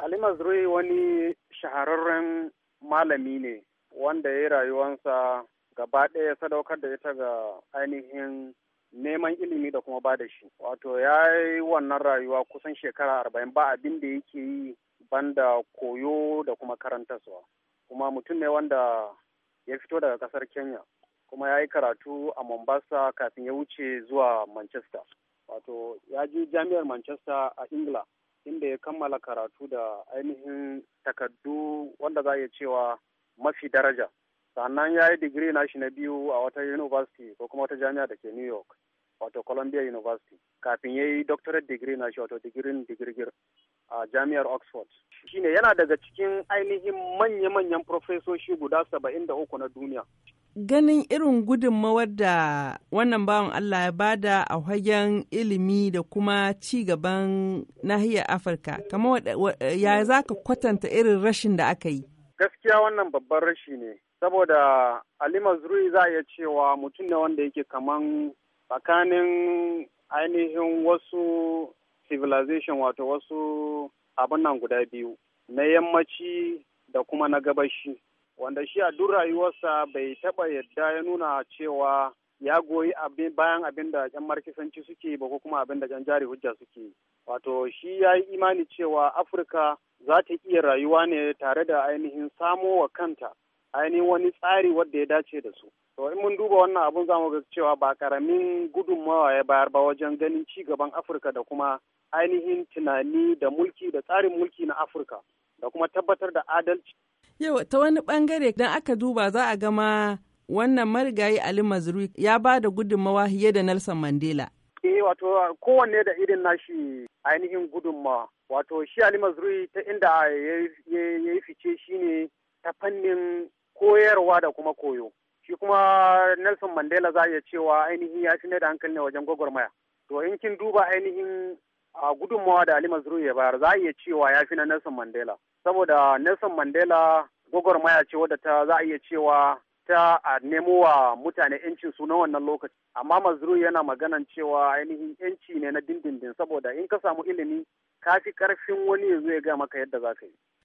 Halima Zuri wani shahararren malami ne wanda ya yi rayuwansa gaba ɗaya sadaukar da ita ga ainihin neman ilimi da kuma ba da shi. Wato ya yi wannan rayuwa kusan shekara arba'in ba abin da yake yi banda koyo da kuma karantarsa Kuma mutum ne wanda ya fito daga ƙasar Kenya. Kuma ya yi karatu a Mombasa kafin ya wuce zuwa Manchester. Wato ya je jami'ar Manchester a Ingila. wanda ya kammala karatu da ainihin takardu wanda za iya cewa mafi daraja sannan ya yi digiri nashi na biyu a wata university ko kuma wata jami'a da ke new york wato columbia university kafin ya yi doctorate degree shi wato digirin digirgir a jami'ar Oxford. Shine yana daga cikin ainihin manya-manyan profesoshi guda saba'in da uku na duniya. Ganin irin gudunmawar da wannan bawan Allah ya bada a hagen ilimi da kuma ci gaban nahiyar Afirka, kamar ya za ka kwatanta irin rashin da aka yi? Gaskiya wannan babban rashi ne, saboda Alima Zuri za a iya cewa mutum ne wanda yake kaman tsakanin ainihin wasu civilization wato wasu abin nan guda biyu na yammaci da kuma na gabashi wanda shi a duk rayuwarsa bai taɓa yadda ya nuna cewa ya goyi bayan abin da yan markisanci suke ba ko kuma abin da yan jari hujja suke wato shi ya yi imani cewa afirka za ta iya rayuwa ne tare da ainihin samo wa kanta ainihin wani tsari wadda ya dace da su. To in mun duba wannan abun zamu ga cewa ba karamin gudunmawa ya bayar ba wajen ganin ci gaban Afirka da kuma ainihin tunani da mulki da tsarin mulki na Afirka da kuma tabbatar da adalci. Yau ta wani bangare idan aka duba za a gama wannan marigayi Ali Mazrui ya ba da gudunmawa fiye da Nelson Mandela. Eh wato kowanne da irin nashi ainihin gudunmawa. Wato shi Ali Mazrui ta inda ya yi fice shine ta fannin koyarwa da kuma koyo shi kuma Nelson Mandela za iya cewa ainihin ya shine da hankali ne wajen gwagwarmaya to in kin duba ainihin a gudunmawa da Ali mazru ya bayar za a iya cewa ya fi na Nelson Mandela saboda Nelson Mandela gwagwarmaya ce wadda ta za a iya cewa ta a nemo wa mutane yancin su na wannan lokaci amma Mazrui yana maganan cewa ainihin yanci ne na dindindin saboda in ka samu ilimi ka fi karfin wani ya zo ya gaya maka yadda za ka yi